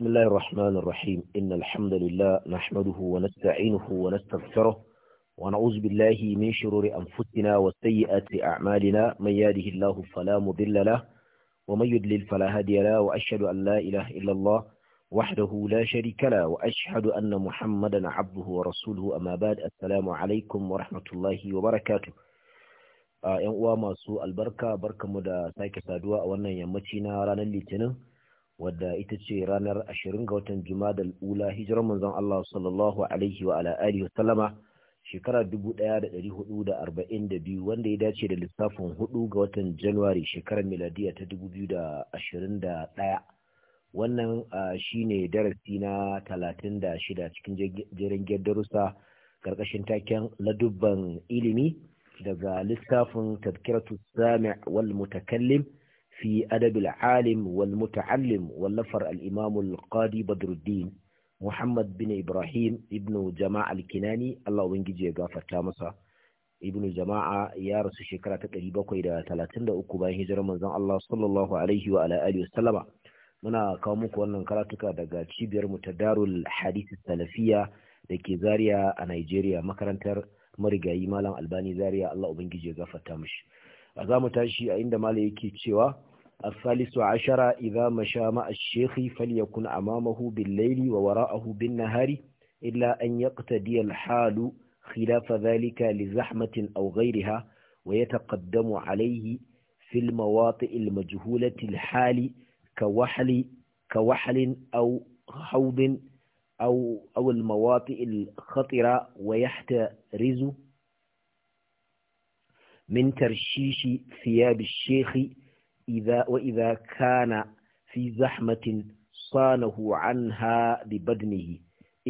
بسم الله الرحمن الرحيم إن الحمد لله نحمده ونستعينه ونستغفره ونعوذ بالله من شرور أنفسنا وسيئات أعمالنا من يهده الله فلا مضل له ومن يضلل فلا هادي له وأشهد أن لا إله إلا الله وحده لا شريك له وأشهد أن محمدا عبده ورسوله أما بعد السلام عليكم ورحمة الله وبركاته ‘Yan uwa masu albarka, barkamu da sake saduwa a wannan yammaci na ranar Litinin, wadda ita ce ranar 20 ga watan Jumada al-Ula hijirar manzon Allah sallallahu alaihi wa ala alihi wasallama shekara 1442 wanda ya dace da lissafin 4 ga watan January shekarar miladiya ta 2021 wannan shine darasi na 36 cikin jerin darussa karkashin taken ladubban ilimi daga lissafin tadkiratu sami' wal mutakallim في أدب العالم والمتعلم والنفر الإمام القاضي بدر الدين محمد بن إبراهيم ابن جماعة الكناني الله ونجي يغافر تامسا ابن جماعة يا رسول شكرا تقريبا كويدا ثلاثين دا أكوبا هجر من الله صلى الله عليه وعلى آله وسلم muna kawo muku wannan karatuka daga cibiyar mu ta darul hadisi salafiya da ke zaria a nigeria makarantar marigayi malam albani zaria allah ubangiji ya gafarta mishi a mu tashi a inda malam yake cewa الثالث عشر إذا مشى مع الشيخ فليكن أمامه بالليل ووراءه بالنهار إلا أن يقتدي الحال خلاف ذلك لزحمة أو غيرها ويتقدم عليه في المواطئ المجهولة الحال كوحل كوحل أو حوض أو, أو المواطئ الخطرة ويحترز من ترشيش ثياب الشيخ idza wa kana fi zahmatin sanahu anha bi badnihi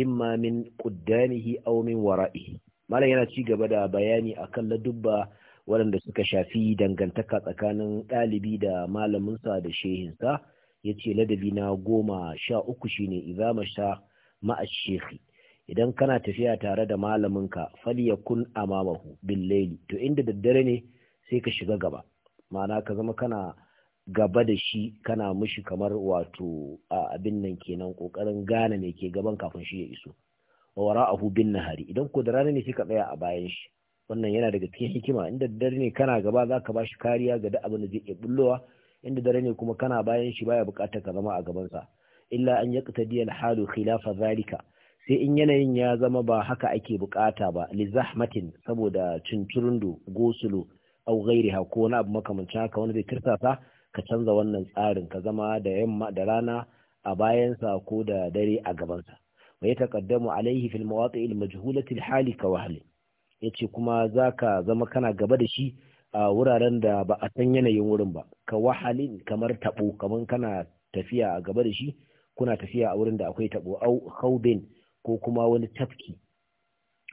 imma min quddamihi aw min wara'ihi malam yana ci gaba da bayani akan ladubba waɗanda suka shafi dangantaka tsakanin ɗalibi da malaminsa da shehinsa ya ce ladabi na goma sha uku shine idza masha ma'a idan kana tafiya tare da malaminka falyakun amamahu bil laili to inda daddare ne sai ka shiga gaba ma'ana ka zama kana gaba da shi kana mishi kamar wato abin nan kenan kokarin gane me ke gaban kafin shi ya iso wa wara'ahu bin nahari idan ko da rana ne kika tsaya a bayan shi wannan yana daga cikin hikima inda dare ne kana gaba za ka bashi kariya ga duk abin da zai iya bullowa inda dare ne kuma kana bayan shi baya bukatar ka zama a gaban sa illa an yaqtadi al-halu khilafa zalika sai in yanayin ya zama ba haka ake bukata ba li zahmatin saboda cincirundo gosulo au ghairiha ko na abu makamancin haka wanda zai tirsasa ka canza wannan tsarin ka zama da yamma da rana a bayansa ko da dare a gabansa wa ya taqaddamu alaihi fil mawaqi' al majhulati al hali ka wahli yace kuma zaka zama kana gaba da shi a wuraren da ba a san yanayin wurin ba ka wahalin kamar tabo kamar kana tafiya a gaba da shi kuna tafiya a wurin da akwai tabo au khawbin ko kuma wani tafki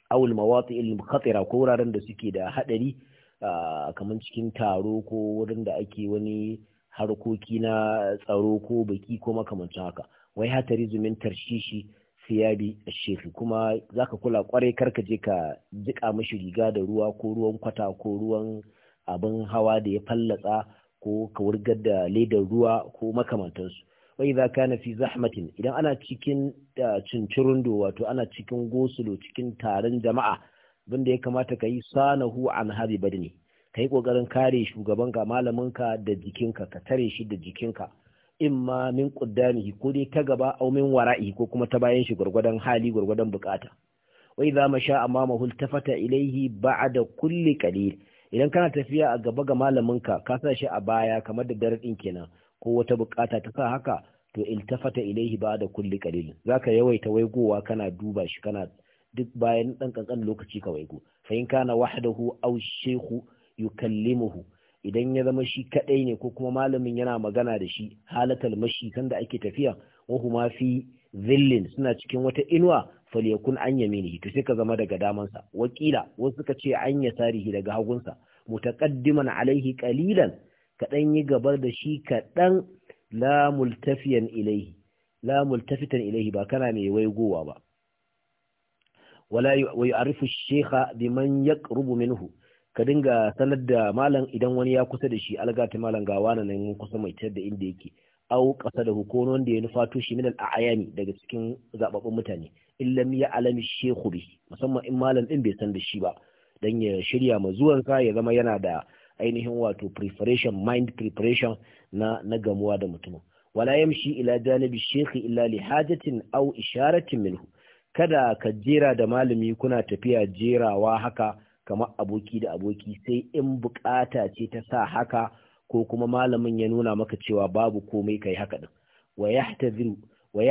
awul mawaqi' al khatira ko wuraren da suke da hadari kamar cikin taro ko wurin da ake wani harkoki na tsaro ko baki ko makamancin haka wai hatari zumin tarshishi siyabi shefi kuma zaka kula kwarai karka je ka jika mashi riga da ruwa ko ruwan kwata ko ruwan abin hawa da ya fallatsa ko ka wurgar da ledar ruwa ko makamantansu wai za ka fi zahmatin idan ana cikin eh, cincirundo wato ana cikin gosulo cikin taron jama'a abin da ya kamata ka yi sanahu an hari badni ka yi ƙoƙarin kare shugaban malamin malaminka da jikinka ka tare shi da jikinka in ma min ƙuddamihi ko dai ta gaba au min wara'i ko kuma ta bayan shi gwargwadon hali gwargwadon bukata wai za mu sha amma mahul tafata ilaihi da kulli qalil idan kana tafiya a gaba ga malaminka ka sa shi a baya kamar da din kenan ko wata bukata ta sa haka to iltafata ilaihi ba'da kulli qalil zaka yawaita waigowa kana duba shi kana duk bayan ɗan ƙanƙan lokaci kawai ku fa in kana wahdahu aw shaykhu yukallimuhu idan ya zama shi kadai ne ko kuma malamin yana magana da shi halatal mashi kan da ake tafiya wahu ma fi zillin suna cikin wata inuwa falyakun an yaminihi to sai ka zama daga damansa wakila wasu suka ce an sarihi daga hagunsa mutaqaddiman alaihi qalilan kaɗan yi gabar da shi kaɗan la multafiyan ilaihi la multafitan ilaihi ba kana mai waigowa ba wala yu'arifu ash-shaykha biman yaqrubu minhu ka dinga sanar da malam idan wani ya kusa da shi algata malam ga wani nan mun kusa mai tada inda yake au kasa da hukuma wanda ya nufato shi min al-ayani daga cikin zababbun mutane illam ya alami shehu bi musamman in malam din bai san da shi ba dan ya shirya ma zuwan sa ya zama yana da ainihin wato preparation mind preparation na na gamuwa da mutumin wala yamshi ila janibi shekhi illa li hajatin aw isharatin minhu kada ka jera da malami kuna tafiya jerawa haka kamar aboki da aboki sai in bukata ce ta sa haka ko kuma malamin ya nuna maka cewa babu komai kai haka din wa yahtaziru wa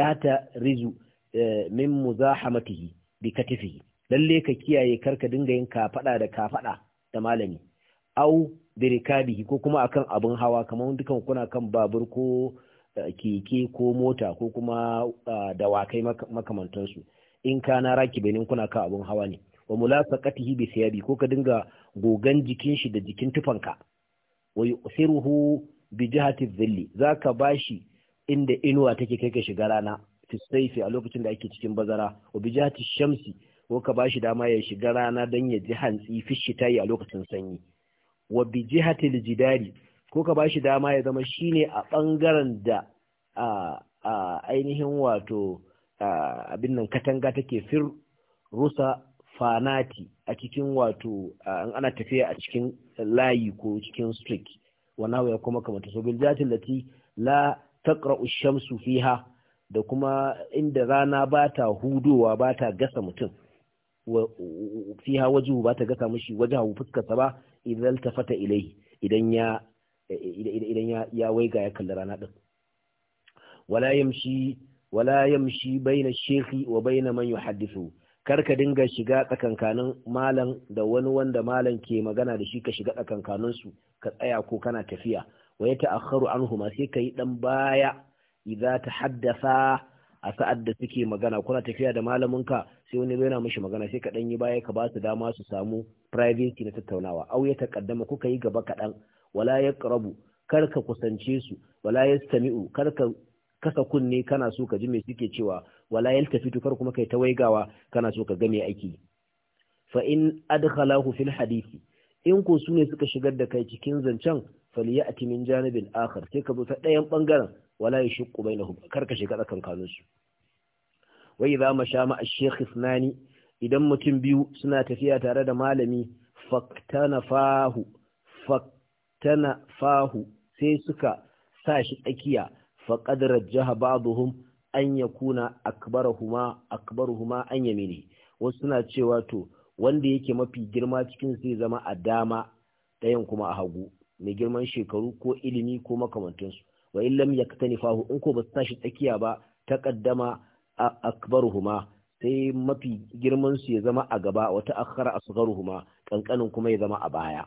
rizu eh, min muzahamatihi bi katifihi lalle ka kiyaye karka dinga yin kafada da kafada da malami au bi rikabihi ko kuma akan abin hawa kamar dukan kuna kan babur ko eh, keke ko mota ko kuma ah, dawakai makamantansu in kana raki bai kuna ka abun hawa ne wa mulasaqatihi bi siyabi ko ka dinga gogan jikin shi da jikin tufanka wa yusiruhu bi jihati dhilli zaka bashi inda inuwa take kai ka shiga rana fi saifi a lokacin da ake cikin bazara wa bi jihati shamsi ko ka bashi dama ya shiga rana dan ya ji hantsi fishi tayi a lokacin sanyi wa bi jihati aljidari ko ka bashi dama ya zama shine a bangaren da a ainihin wato abin nan katanga take fir rusa fanati a cikin wato ana tafiya a cikin layi ko cikin streak wana ya kuma kamata so bil jatin lati la takra shamsu fiha da kuma inda rana ba ta hudowa ba ta gasa mutum fiha wajihu ba ta gasa mishi wajahu fuskarsa ba idan tafata ilai idan ya idan ya ya waiga ya kalli rana din wala yamshi wala yamshi baina shekhi wa baina man yuhaddithu kar ka dinga shiga tsakankanin malam da wani wanda malam ke magana da shi ka shiga tsakankanin su ka tsaya ko kana tafiya wa yata'akhkharu anhuma sai kai dan baya idza tahaddatha a sa'ad da suke magana kuna tafiya da malaminka sai wani yana mishi magana sai ka dan yi baya ka ba su dama su samu privacy na tattaunawa aw ya taqaddama kuka yi gaba kaɗan wala yaqrabu kar ka kusance su wala yastami'u kar ka kasa kunne kana so ka ji me suke cewa wala yaltafitu kar kuma kai ta waigawa kana so ka ga mai aiki. fa in adkhalahu fil hadith in ko su ne suka shigar da kai cikin zancen falyati min janibin akhar sai ka zo ta ɗayan bangaren wala yashqu bainahum kar ka shiga tsakan kanun su wa idha mashama ash-shaykh ithnani idan mutum biyu suna tafiya tare da malami faktana fahu faktana fahu sai suka sa shi tsakiya faqad rajjaha ba'dhum an yakuna akbaruhuma akbaruhuma an yamini wasu suna cewa to wanda yake mafi girma cikin zai zama a dama ɗayan kuma a hagu mai girman shekaru ko ilimi ko makamantansu wa illam yaktanifahu in ko ba su tashi tsakiya ba ta taqaddama akbaruhuma sai mafi girman su ya zama a gaba wata akhara asgharuhuma kankanin kuma ya zama a baya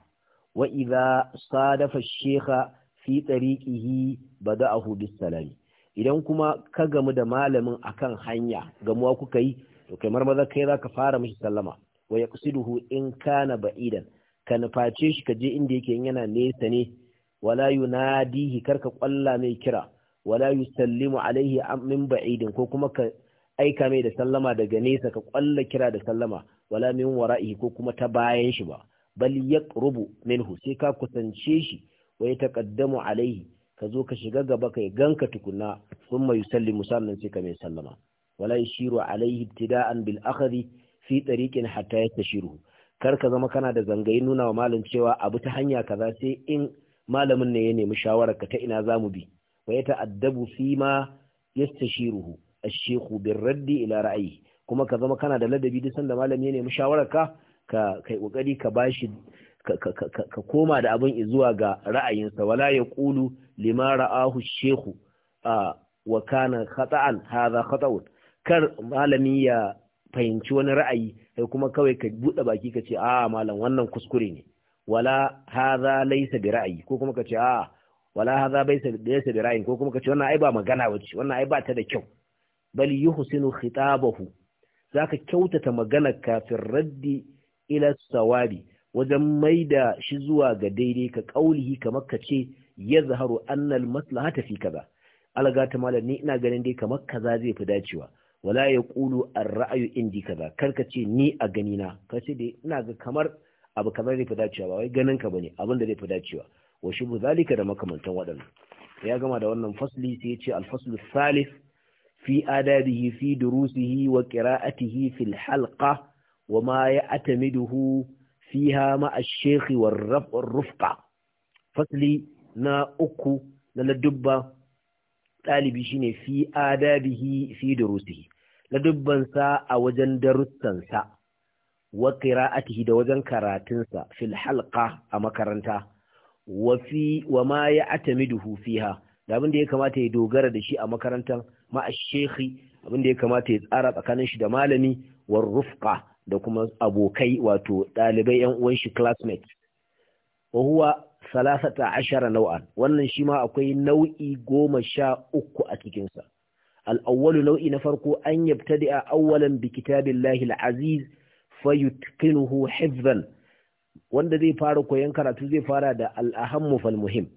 wa idza sadafa shekha fi tsariƙihi ba a ahu salami idan kuma ka gamu da malamin a kan hanya gamuwa kuka yi to kai marmaza kai za ka fara mashi sallama wa ya kusiduhu in kana ba'idan ka nuface shi ka je inda yake yana nesa ne wala yunadihi karka kwalla mai kira wala sallimu alaihi min ba'idin ko kuma ka aika mai da sallama daga nesa ka kwalla kira da sallama wala min wara'ihi ko kuma ta bayan shi ba bal yaqrubu minhu sai ka kusance shi wai kaddamu alaihi ka zo ka shiga gaba kai ganka tukunna thumma yusalli sannan sai ka mai sallama wala yashiru alaihi ibtida'an bil akhdhi fi tariqin hatta yastashiru kar ka zama kana da zangayi nuna wa malam cewa abu ta hanya kaza sai in malamin ne ya nemi shawarar ka ta ina zamu bi wa ya ta'addabu fi ma yastashiruhu ash-shaykhu bir raddi ila ra'ayi kuma ka zama kana da ladabi duk sanda malami ya nemi shawarar ka ka kai kokari ka bashi ka koma da abin zuwa ga ra'ayinsa wala ya ƙulu lima ra'ahu shehu a wa kana khata'an hadha khata'un kar malami ya fahimci wani ra'ayi Sai kuma kawai ka buɗe baki ka ce a malam wannan kuskure ne wala hadha laysa bi ra'ayi ko kuma ka ce a wala hadha laysa bi ra'ayi ko kuma ka ce wannan ai ba magana wace wannan ai ba ta da kyau bal yuhsinu khitabahu zaka kyautata magana kafin raddi ila sawabi wajen maida shi zuwa ga daidai ka ƙaulihi kamar ka ce ya zaharu annal maslahata fi kaza alaga ta malam ni ina ganin dai kamar kaza zai fi dacewa wala ya ƙulu ar-ra'ayu indi kaza kar ka ce ni a gani na ka ce dai ina ga kamar abu kaza zai fi dacewa ba wai ganin ka bane abin da zai fi dacewa wa shubu zalika da makamantan waɗannan ya gama da wannan fasli sai ya ce al-faslu Salif, fi adabihi fi durusihi wa qira'atihi fil halqa wa ma ya'tamiduhu fiha ma'a shekhi wa rufqa fasli na uku na ladubba ɗalibi shine fi adabihi fi durusihi ladubbansa a wajen darussansa wa qira'atihi da wajen karatunsa fil halqa a makaranta wa fi wa ma ya'tamiduhu fiha da abin ya kamata ya dogara da shi a makarantar ma'a shekhi abin ya kamata ya tsara tsakanin shi da malami warrufka. da kuma abokai wato ɗalibai ‘yan uwan shi classmate. Wa huwa salasata ashara nau'an, wannan shi ma akwai nau'i goma sha uku a cikinsa. Al'awwalu nau'i na farko an yabtadi a awwalan bi kitabillahi al'aziz fa yutqinuhu hifzan wanda zai fara koyon karatu zai fara da al'ahammu fal muhim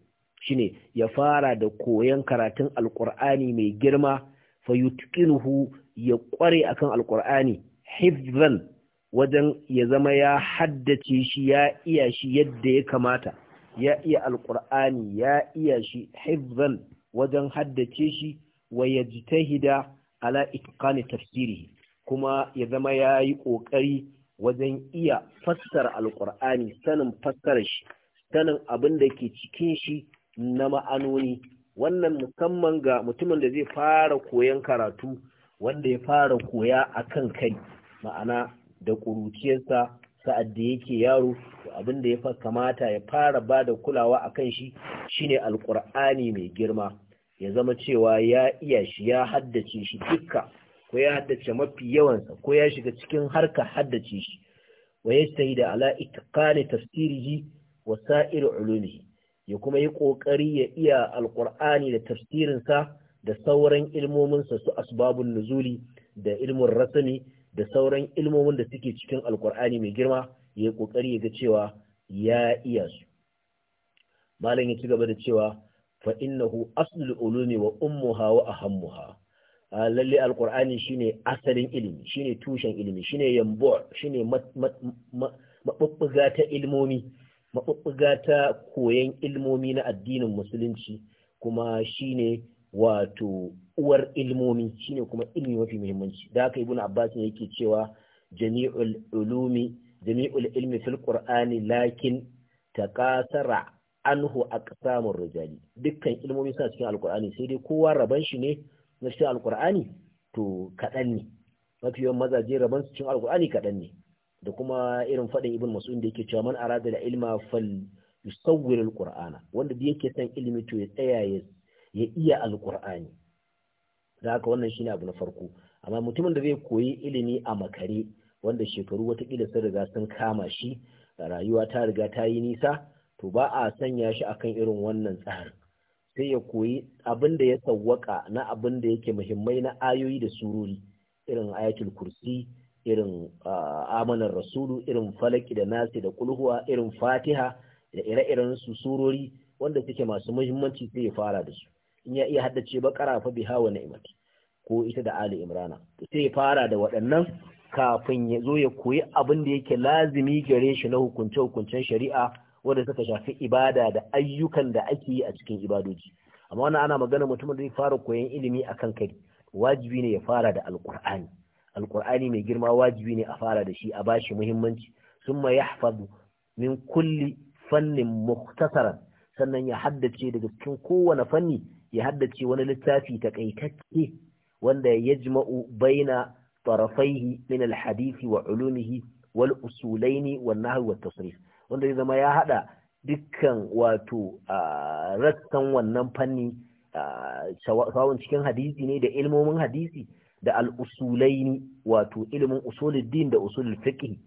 shine ya fara da koyon karatun alƙur'ani mai girma fa yutqinuhu ya kware akan alqur'ani hifzan wajen ya zama ya haddace shi ya iya shi yadda ya kamata ya iya alkur'ani ya iya shi hifzan wajen haddace shi wa yajtahida ala itqani tafsiri kuma ya zama ya yi ƙoƙari wajen iya fassara alkur'ani sanin fassara shi sanin abin da ke cikin shi na ma'anoni wannan musamman ga mutumin da zai fara koyon karatu wanda ya fara koya akan kai ma'ana da ƙuruciyarsa sa'ad da yake yaro abin da ya kamata ya fara ba da kulawa a kan shi shine alƙur'ani mai girma ya zama cewa ya iya shi ya haddace shi dukka ko ya haddace mafi yawansa ko ya shiga cikin harka haddace shi wa ya yastahi da ala itqani tafsirihi wa sa'ir ulumihi ya kuma yi ƙoƙari ya iya Alƙur'ani da tafsirinsa da sauran ilmominsa su asbabun nuzuli da ilmun rasmi da sauran ilmomin da suke cikin alkur'ani mai girma ya yi kokari ya ga cewa ya iya su malam ya ci gaba da cewa fa innahu aslul ulumi wa ummuha wa ahammuha lalle alkur'ani shine asalin ilimi shine tushen ilimi shine yambo shine mabubbuga ta ilmomi mabubbuga ta koyan ilmomi na addinin musulunci kuma shine wato uwar ilmomi shine kuma ilmi mafi muhimmanci da haka ibnu abbas ne yake cewa jami'ul ulumi jami'ul ilmi fil qur'ani lakin taqasara anhu aqsamur rijali dukkan ilmomi suna cikin alqur'ani sai dai kowa raban shi ne na cikin alqur'ani to kadan ne mafi yawan mazaje raban su cikin alqur'ani kadan ne da kuma irin fadin ibn mas'ud da yake cewa man arada da ilma fal yusawwir alqur'ana wanda da yake son ilimi to ya tsaya ya iya alqur'ani da haka wannan shine abu na farko amma mutumin da zai koyi ilimi a makare wanda shekaru watakila sun riga sun kama shi rayuwa ta riga ta yi nisa to ba a sanya shi akan irin wannan tsarin sai ya koyi abin da ya sawwaka na abin da yake muhimmai na ayoyi da sururi irin ayatul kursi irin amanar rasulu irin falaki da nasi da kulhuwa irin fatiha da ire-iren su surori wanda suke masu muhimmanci sai ya fara da su in ya iya haddace bakara fa biha wa ni'mat ko ita da ali imrana sai fara da waɗannan kafin ya zo ya koyi abin da yake lazimi gare shi na hukunce hukuncen shari'a wanda suka shafi ibada da ayyukan da ake yi a cikin ibadoji amma wannan ana magana mutumin da zai fara koyan ilimi akan kai wajibi ne ya fara da alqur'ani alqur'ani mai girma wajibi ne a fara da shi a bashi muhimmanci summa yahfazu min kulli fannin mukhtasaran sannan ya haddace daga cikin kowane fanni ya haddace wani littafi takaitacce wanda ya yajma'u baina tarafaihi min hadisi wa ulumihi wal usulaini wal nahwi wat tasrif wanda ya zama ya hada dukkan wato rassan wannan fanni sawun cikin hadisi ne da ilmomin hadisi da al-usulaini wato ilimin usuluddin da usulul fiqh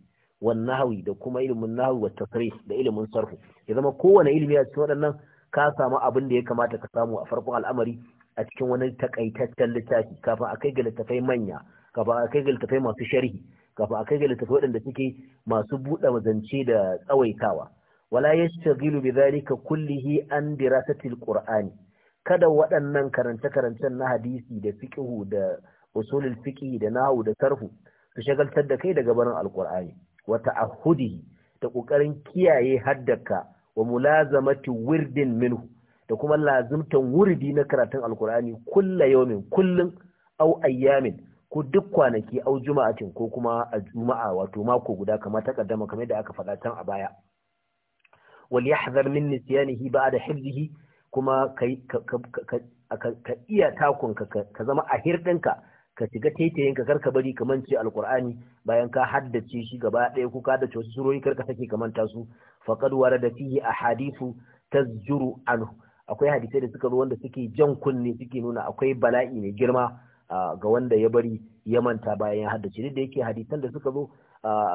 wan nahwi da kuma ilmin nahwi wat tasrif da ilmin sarf ya zama kowane ilimi a cikin waɗannan ka samu abin da ya kamata ka samu a farkon al'amari a cikin wani takaitaccen littafi kafin a kai ga littafai manya kafin a kai ga littafai masu sharhi kafin a kai ga littafai waɗanda suke masu buɗe zance da tsawaitawa wala yastaghilu bi dhalika kullihi an dirasatil qur'ani kada waɗannan karance-karancen na hadisi da fiqhu da usulul fiqhi da nahwu da sarhu su shagaltar da kai daga barin alqur'ani wa ahudihi da ƙoƙarin kiyaye haddaka wa mulazamati wirdin minhu da kuma lazimtan wurdi na karatun alkur'ani kulla yawmin kullum au ayyamin ko duk kwanaki au juma'atin ko kuma a juma'a wato mako guda kamar kaddama kamar da aka faɗa can a baya wal yahzar min nisyanihi ba'da hifzihi kuma kai ka iya takun ka ka zama a hirdinka ka shiga taitayin ka karka bari ka mance alkur'ani bayan ka haddace shi gaba ɗaya ko ka haddace wasu surori karka sake ka manta su faqad warada fihi ahadithu tazjuru anhu akwai hadisai da suka zo wanda suke jan kunne suke nuna akwai bala'i mai girma ga wanda ya bari ya manta bayan ya haddace da yake hadisan da suka zo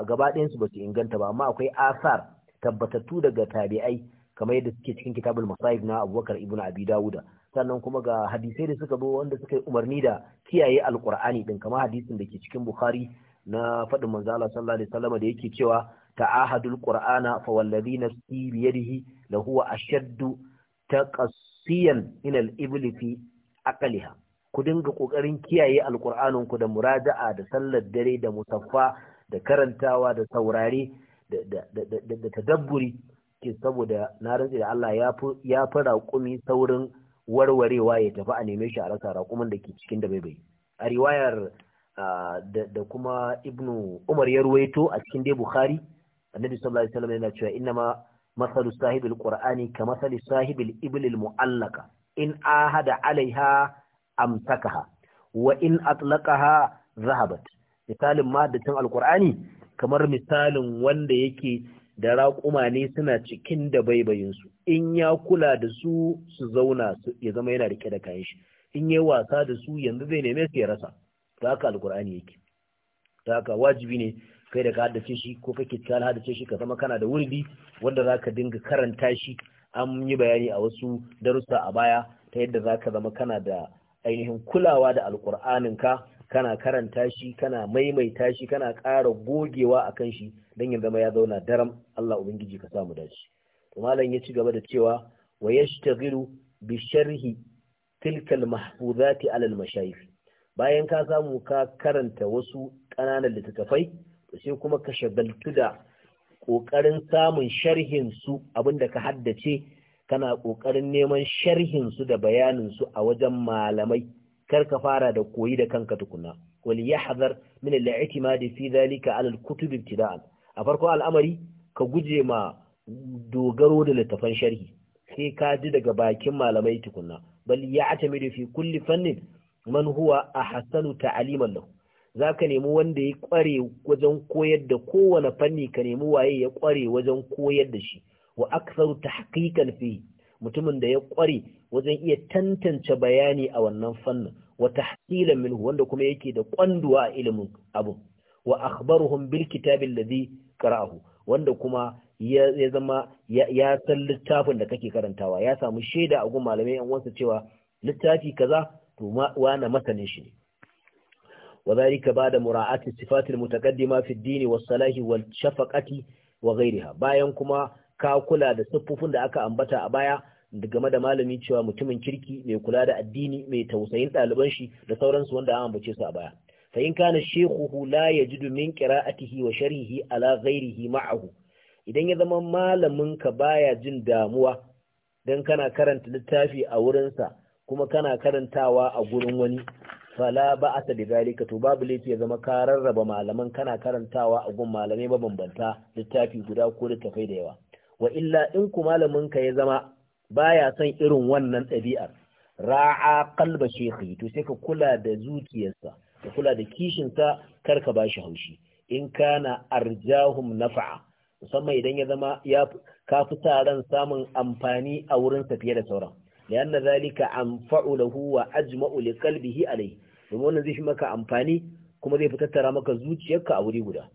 gaba ɗayan su basu inganta ba amma akwai asar tabbatattu daga tabi'ai kamar yadda suke cikin kitabul masaif na Abubakar ibn Abi Dawuda sannan kuma ga hadisai da suka zo wanda suka yi umarni da kiyaye alqur'ani din kamar hadisin da ke cikin Bukhari na faɗin manzo Allah sallallahu alaihi wasallam da yake cewa ta'ahadul qur'ana fa wallazi nafsi bi yadihi la huwa ashaddu taqassiyan min ibli ku dinga kokarin kiyaye alqur'anin ku da muraja'a da sallar dare da musaffa da karantawa da saurare da tadabburi ke saboda na rantsi da Allah ya fi raƙumi saurin warwarewa ya tafi a neme shi a rasa raƙumin da ke cikin da bai a riwayar ah, da kuma ibnu umar ya ruwaito a cikin dai bukhari annabi sallallahu alaihi wasallam yana cewa inna ma masalu sahibil qur'ani ka masali sahibil ibil mu'allaka in ahada alaiha amsakaha wa in atlaqaha zahabat misalin maddatin alqur'ani kamar misalin wanda yake da raƙuma ne suna cikin da baibayinsu in ya kula da su su zauna ya zama yana rike da kayan shi in yayi wasa da su yanzu zai neme su ya rasa ta haka alkur'ani yake ta haka wajibi ne kai da ka haddace shi ko kake ta haddace shi ka zama kana da wurdi wanda za ka dinga karanta shi an yi bayani a wasu darussa a baya ta yadda za ka zama kana da ainihin kulawa da alƙur'aninka kana karanta shi kana maimaita shi kana ƙara gogewa a kan shi don ya zama ya zauna daram Allah ubangiji ka samu dace to malam ya ci gaba da cewa wa yashtaghilu bi sharhi tilka al-mahfuzati ala al-mashayikh bayan ka samu ka karanta wasu ƙananan littattafai sai kuma ka shagaltu da ƙoƙarin samun sharhin su abinda ka haddace kana ƙoƙarin neman sharhin su da bayanin su a wajen malamai kar ka fara da koyi da kanka tukuna wal yahzar min al-i'timadi fi zalika ala al-kutub ibtida'an a farko al'amari ka guje ma dogaro da littafan sharhi sai ka ji daga bakin malamai tukuna bal ya'tamidu fi kulli fannin man huwa ahsanu ta'liman lahu za ka nemi wanda ya kware wajen koyar da kowane fanni ka nemi waye ya kware wajen koyar da shi wa aksar tahqiqan fi mutumin da ya kware wajen iya tantance bayani a wannan fannin wa tahsilan minhu wanda kuma yake da kwanduwa a ilimin abu wa akhbaruhum bil kitabi alladhi qara'ahu wanda kuma ya zama ya san littafin da kake karantawa ya samu shaida a gun malamai yan uwansa cewa littafi kaza to wane masanin shi ne وذلك بعد مراعاة الصفات المتقدمة في الدين والصلاة والشفقة وغيرها bayan kuma ka kula da siffofin da aka ambata a baya game da malami cewa mutumin kirki mai kula da addini mai tausayin ɗaliban shi da sauransu wanda an ambace su a baya fa in kana shaykhuhu la yajidu min qira'atihi wa sharhihi ala ghairihi ma'ahu idan ya zama malamin ka baya jin damuwa dan kana karanta littafi a wurinsa kuma kana karantawa a gurin wani fala ba a sabi zalika to babu laifi ya zama ka rarraba malaman kana karantawa a gun malamai mabambanta littafi guda ko littafai da yawa wa illa in ku malamin ka ya zama baya son irin wannan ɗabi'ar ra'a qalba shaykhi to sai ka kula da zuciyarsa ka kula da kishinsa kar ka bashi haushi in kana arjahum nafa'a musamman idan ya zama ya kafi taron samun amfani a wurinsa fiye da sauran lianna zalika anfa'u lahu wa ajma'u liqalbihi domin wannan zai fi maka amfani kuma zai fi tattara maka zuciyarka a wuri guda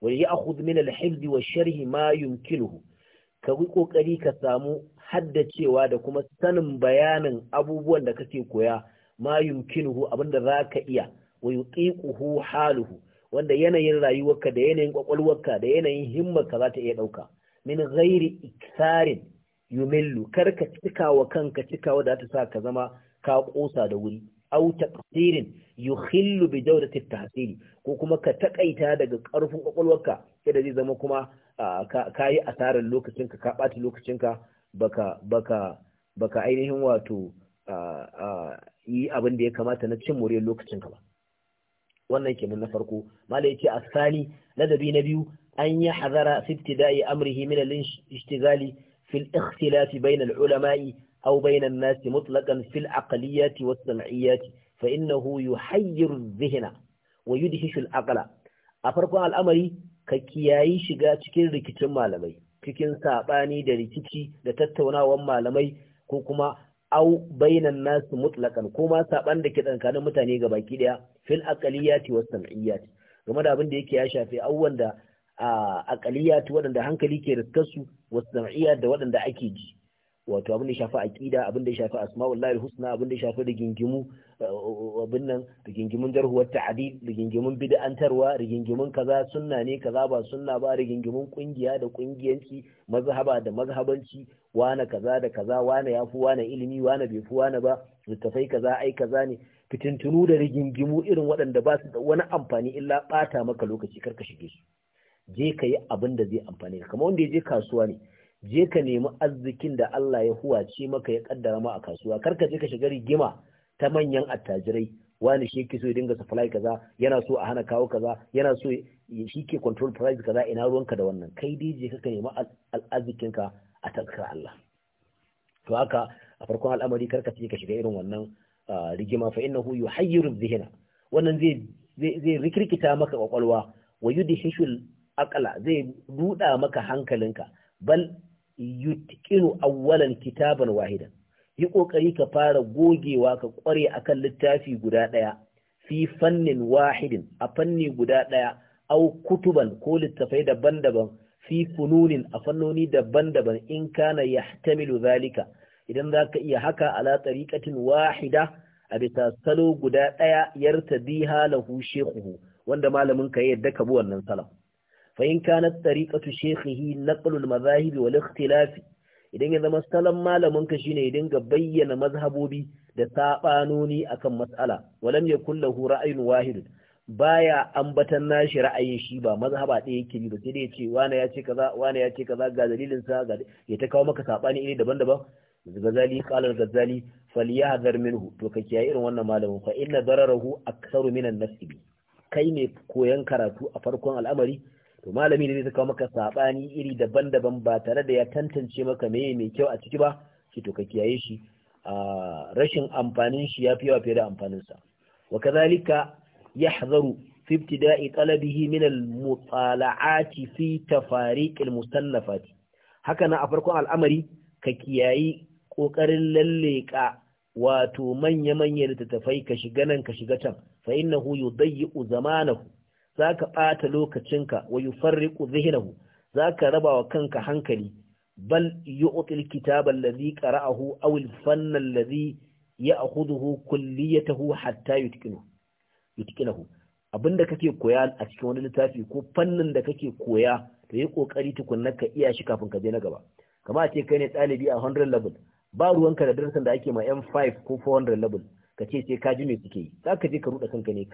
wani ya akhudh min al wa sharhi ma yumkinuhu ka yi kokari ka samu haddacewa da kuma sanin bayanin abubuwan da kake koya ma yumkinuhu abinda zaka iya wa yuqiquhu haluhu wanda yanayin rayuwarka da yanayin kwakwalwarka da yanayin himmarka za ta iya dauka min ghairi iktarin yumillu karka ka cikawa kanka cikawa da ta sa ka zama ka kosa da wuri aw taqsirin yukhillu bi dawrati tahsili ko kuma ka takaita daga karfin kwakwalwarka yadda zai zama kuma ka yi asarar lokacinka ka ɓata lokacinka baka baka ainihin wato yi abinda ya kamata na cin moriyar lokacinka ba wannan kenan na farko malai yace asali ladabi na biyu an yi hazara fi ibtida'i amrihi min al-ishtigali fil ikhtilaf bayna al-ulama'i أو بين الناس مطلقا في العقليات والصنعيات فإنه يحير الذهن ويدهش العقل أفرقوا الأمر ككياي شغا تكين ركتن مالمي cikin saɓani da rikici da tattaunawan malamai ko kuma au bainan nasu mutlakan saɓan da ke tsakanin mutane ga baki ɗaya fil aqaliyati was sam'iyati game abin da yake ya shafi awwan da aqaliyati waɗanda hankali ke riskarsu was da waɗanda ake ji wato abin da ya shafi aqida abin da ya shafi lahi husna abin da ya shafi rigingimu eh, abin nan rigingimun jarhuwar ta'adi rigingimun bid'antarwa rigingimun kaza sunna ne kaza ba sunna ba rigingimun kungiya da kungiyanci mazhaba da mazhabanci wane kaza da kaza wane yafi wane ilimi wane bai fi wane ba littafai kaza ai kaza ne fitintunu da rigingimu irin waɗanda ba su da wani amfani illa ɓata maka lokaci karka shige su je ka yi abin da zai amfani ka kamar wanda ya je kasuwa ne je ka nemi arzikin da Allah ya huwace maka ya kaddara ma a kasuwa kar ka je ka shiga rigima ta manyan attajirai wani shi yake so ya dinga supply kaza yana so a hana kawo kaza yana so shi ke control price kaza ina ruwanka da wannan kai dai je ka nemi arzikin ka a tsakar Allah to haka a farkon al'amari kar ka je ka shiga irin wannan rigima fa innahu yuhayyiru dhihna wannan zai zai rikirkita maka kwakwalwa wa yudhishu aqla zai duda maka hankalinka bal yutqinu awwalan kitaban wahidan yi kokari ka fara gogewa ka kware akan littafi guda daya fi fannin wahidin a fanni guda daya au kutuban ko littafai daban-daban fi fununin a fannoni daban-daban in kana yahtamilu zalika idan zaka iya haka ala tariqatin wahida a bisa salo guda daya yartadiha lahu shekuhu wanda malamin ka yadda ka bi wannan salam فإن كانت طريقة شيخه نقل المذاهب والاختلاف idan ya zama salon malaminka shine ya dinga bayyana mazhabobi da saɓanoni akan matsala walam ya kullahu ra'ayin wahid baya ambatan nashi ra'ayin shi ba mazhaba ɗaya yake ba sai dai ya ce wani ya ce kaza ya ce kaza ga dalilin sa ga ya ta kawo maka saɓani iri daban-daban gazali qalar gazali falyahdhar minhu to ka kiyaye irin wannan malamin fa inna dararahu aktsaru minan nasibi kai ne koyan karatu a farkon al'amari to malami ne zai kawo maka sabani iri daban-daban ba tare da ya tantance maka meye mai kyau a ciki ba ki to ka kiyaye shi rashin amfanin shi ya fi yawa fiye da amfanin sa wa kadhalika yahzaru fi ibtida'i talabihi min al-mutala'ati fi tafariq al-musannafat haka na a farkon al'amari ka kiyayi kokarin lalleka wato manya-manyan littattafai ka shiga nan ka shiga can fa innahu yudayyi'u zamanahu za ka ɓata lokacinka wa yi farriku zihirahu za ka raba wa kanka hankali bal yi otil kitaban lazi ƙara'ahu awil fannan lazi ya a huduhu kulliyatahu hatta yutkinahu abin da kake koya a cikin wani littafi ko fannin da kake koya to yi ƙoƙari tukunna ka iya shi kafin ka je na gaba kama a ce kai ne ɗalibi a 100 level ba ruwanka da darasin da ake ma M5 ko 400 level ka ce sai ka ji me suke yi za ka je ka ruɗa kanka ne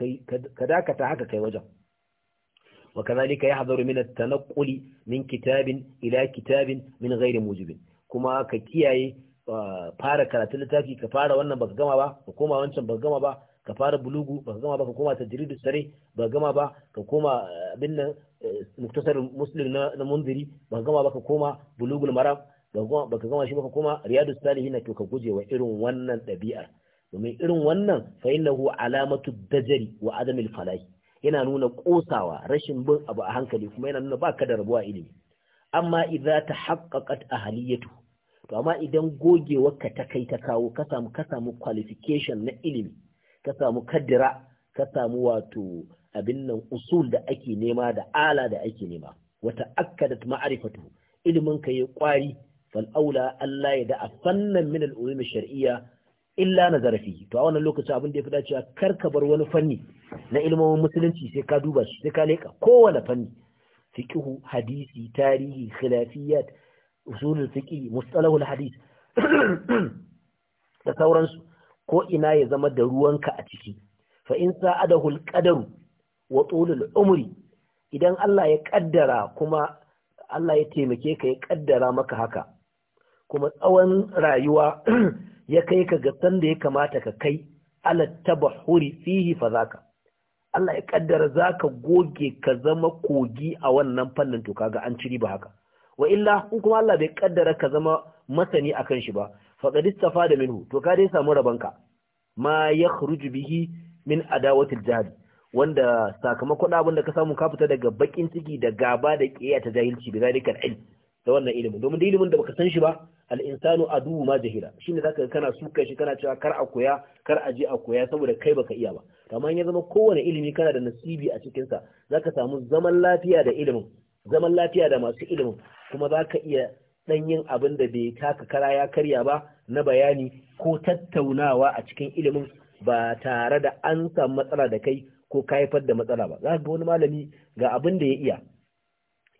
ka dakata haka kai wajen وكذلك يحذر من التنقل من كتاب إلى كتاب من غير موجب كما كيكياي fara karatun littafi ka fara wannan baka gama ba ka koma wancan baka gama ba ka fara bulugu baka gama ba ka koma tajridus sare baka gama ba ka koma abin muktasar muslim na, na munziri baka gama ba ka koma bulugul maram baka gama shi ba ka koma riyadus salihin to ka guje wa irin wannan ɗabi'ar domin irin wannan alamatu dajari wa adamil falahi yana nuna kosawa rashin bin abu a hankali kuma yana nuna baka da rabuwa ilimi amma idza tahaqqaqat ahliyatu to amma idan gogewarka ta kai ta kawo ka samu ka samu qualification na ilimi ka samu kaddira ka samu wato abin nan usul da ake nema da ala da ake nema wata akkadat ma'rifatu ilimin ka yi kwari fal aula Allah ya da fannan min al-ulum shar'iyya illa nazara fihi to a wannan lokacin abin da yafi dacewa kar ka bar wani fanni na ilmomin musulunci sai ka duba shi sai ka leka kowane fanni fiqhu hadisi tarihi khilafiyat usulul fiqh mustalahul hadis da sauransu ko ina ya zama da ruwanka a ciki fa in sa'adahu alqadaru wa tulul umri idan Allah ya kaddara kuma Allah ya taimake ka ya kaddara maka haka kuma tsawon rayuwa ya kai ka ga sanda ya kamata ka kai ala tabahuri fihi fa zaka Allah ya kaddara ka goge ka zama kogi a wannan fannin to kaga an ciri ba haka wa illa in kuma Allah bai kaddara ka zama masani a kan shi ba faqad istafa da minhu to ka dai samu rabanka ma yakhruju bihi min adawatil jihar, wanda sakamakon abin da ka samu ka fita daga bakin ciki da gaba da kiyaya ta jahilci bi zalikal ilm da wannan ilimin domin da ilimin da baka san shi ba al-insanu adu ma jahila shine zaka ga kana suka shi kana cewa kar a koya kar a je a koya saboda kai baka iya ba amma in ya zama kowane ilimi kana da nasibi a cikin sa zaka samu zaman lafiya da ilimin zaman lafiya da masu ilimin kuma zaka iya dan yin abin da bai taka kara ya karya ba na bayani ko tattaunawa a cikin ilimin ba tare da an samu matsala da kai ko ka haifar da matsala ba zaka ga wani malami ga abin da ya iya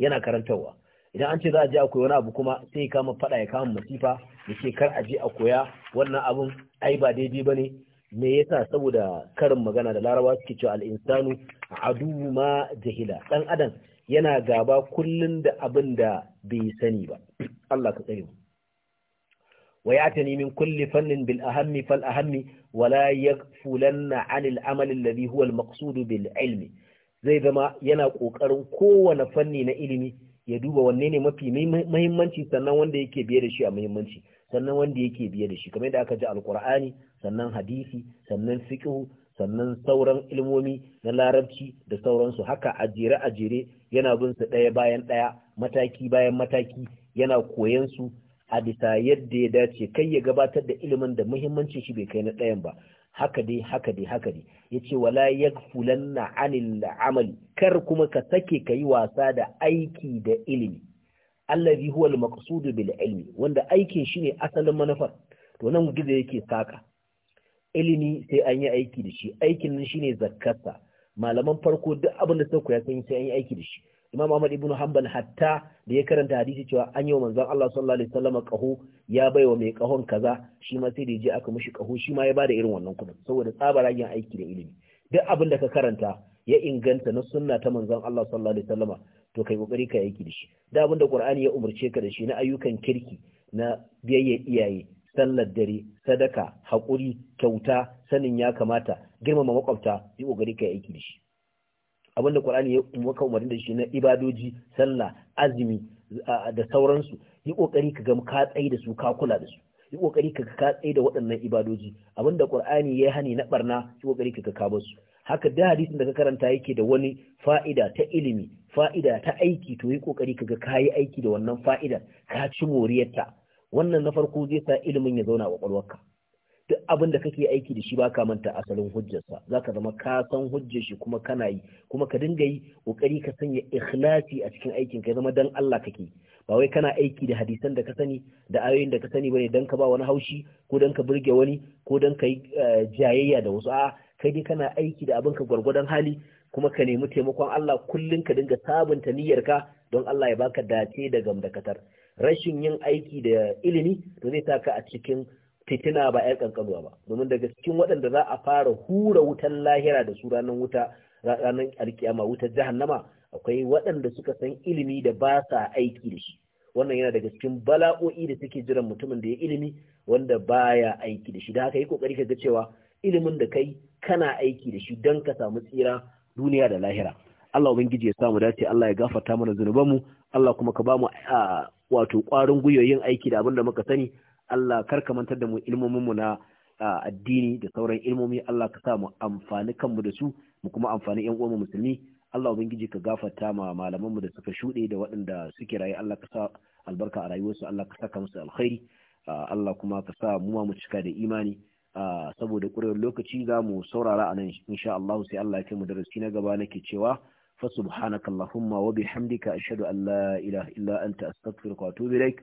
yana karantarwa idan an ce za a je a koyi wani abu kuma sai ya kama fada ya kama masifa ya ce kar a je a koya wannan abun ai ba daidai ba ne me yasa saboda karin magana da Laraba suke cewa al'insanu adu ma jahila dan adam yana gaba kullun da abin da bai sani ba Allah ka tsare mu ويعتني من كل فن بالأهم فالأهم ولا يغفلن عن العمل الذي هو bil بالعلم Zai zama yana kokarin kowane fanni na ilimi ya duba wanne ne mafi muhimmanci sannan wanda yake biye da shi a muhimmanci sannan wanda yake biye da shi kamar yadda aka ji alkur'ani sannan hadisi sannan fiqh sannan sauran ilmomi na larabci da sauransu haka a jere a jere yana bin su ɗaya bayan ɗaya mataki bayan mataki yana koyan su a bisa yadda ya dace kai ya gabatar da ilimin da muhimmancin shi bai kai na ɗayan ba haka dai haka dai haka dai yace wala yaghfulanna anil amali kar kuma ka sake ka yi wasa da aiki da ilimi allazi huwa al-maqsud bil ilmi wanda aikin shine asalin manufar to nan gizo yake saka ilimi sai an yi aiki da shi aikin nan shine zakkata malaman farko duk abin da ya koya sai an yi aiki da shi imam ahmad ibn hanbal hatta da ya karanta hadisi cewa an yi wa manzon Allah sallallahu alaihi wasallam kaho ya bai wa mai kahon kaza shi ma sai da je aka mishi kaho shi ma ya bada irin wannan kudin saboda tsabara yin aiki da ilimi duk abin da ka karanta ya inganta na sunna ta manzon Allah sallallahu alaihi wasallam to kai kokari ka aiki da shi da abin da qur'ani ya umurce ka da shi na ayyukan kirki na biyayya iyaye sallar dare sadaka hakuri kyauta sanin ya kamata girmama makwabta yi kokari ka aiki da shi abinda Qur'ani ya maka umarni da shi na ibadoji sallah azumi da sauransu yi kokari ka ga ka tsaye da su ka kula da su yi kokari ka ka tsaye da waɗannan ibadoji abinda Qur'ani ya hani na barna yi kokari ka ka bar su haka da hadisin da ka karanta yake da wani fa'ida ta ilimi fa'ida ta aiki to yi kokari ka ga kayi aiki da wannan fa'idar ka ci moriyarta wannan na farko zai sa ilimin ya zauna a kwakwalwarka duk abin da kake aiki da shi baka manta asalin hujjarsa zaka zama ka san hujjar shi kuma kana yi kuma ka dinga yi kokari ka sanya ikhlasi a cikin aikin ka zama dan Allah kake ba wai kana aiki da hadisan da ka sani da ayoyin da ka sani bane dan ka ba wani haushi ko dan ka burge wani ko dan ka yi eh, jayayya da wasu A kai dai kana aiki da abin ka gwargwadon hali kuma ka nemi taimakon Allah kullun ka dinga sabunta niyyarka don Allah ya baka dace da gamdakatar rashin yin aiki da ilimi to zai taka a cikin fitina ba ‘yar kankanuwa ba domin daga cikin waɗanda za a fara hura wutan lahira da su ranar wuta ranar alkiyama wutar jahannama akwai waɗanda suka san ilimi da ba sa aiki da shi wannan yana daga cikin bala'o'i da suke jiran mutumin da ya ilimi wanda baya aiki da shi da haka yi kokari ka ga cewa ilimin da kai kana aiki da shi don ka samu tsira duniya da lahira Allah ubangiji ya samu dace Allah ya gafarta mana zunubanmu Allah kuma ka bamu ah, wato ƙwarin gwiwa yin aiki da abin da muka sani Allah kar ka mantar da mu ilmomin mu na addini da sauran ilmomi Allah ka sa mu amfani kanmu da su mu kuma amfani ƴan uwanmu musulmi Allah ubangiji ka gafarta ma malaman mu da suka shuɗe da waɗanda suke raye Allah ka sa albarka a rayuwarsu Allah ka saka musu alkhairi Allah kuma ka sa mu ma mu cika da imani saboda ƙurewar lokaci za mu saurara a nan insha Allah sai Allah ya kai mu darasi na gaba nake cewa fa subhanakallahumma wa bihamdika ashhadu an la ilaha illa anta astaghfiruka wa atubu ilaik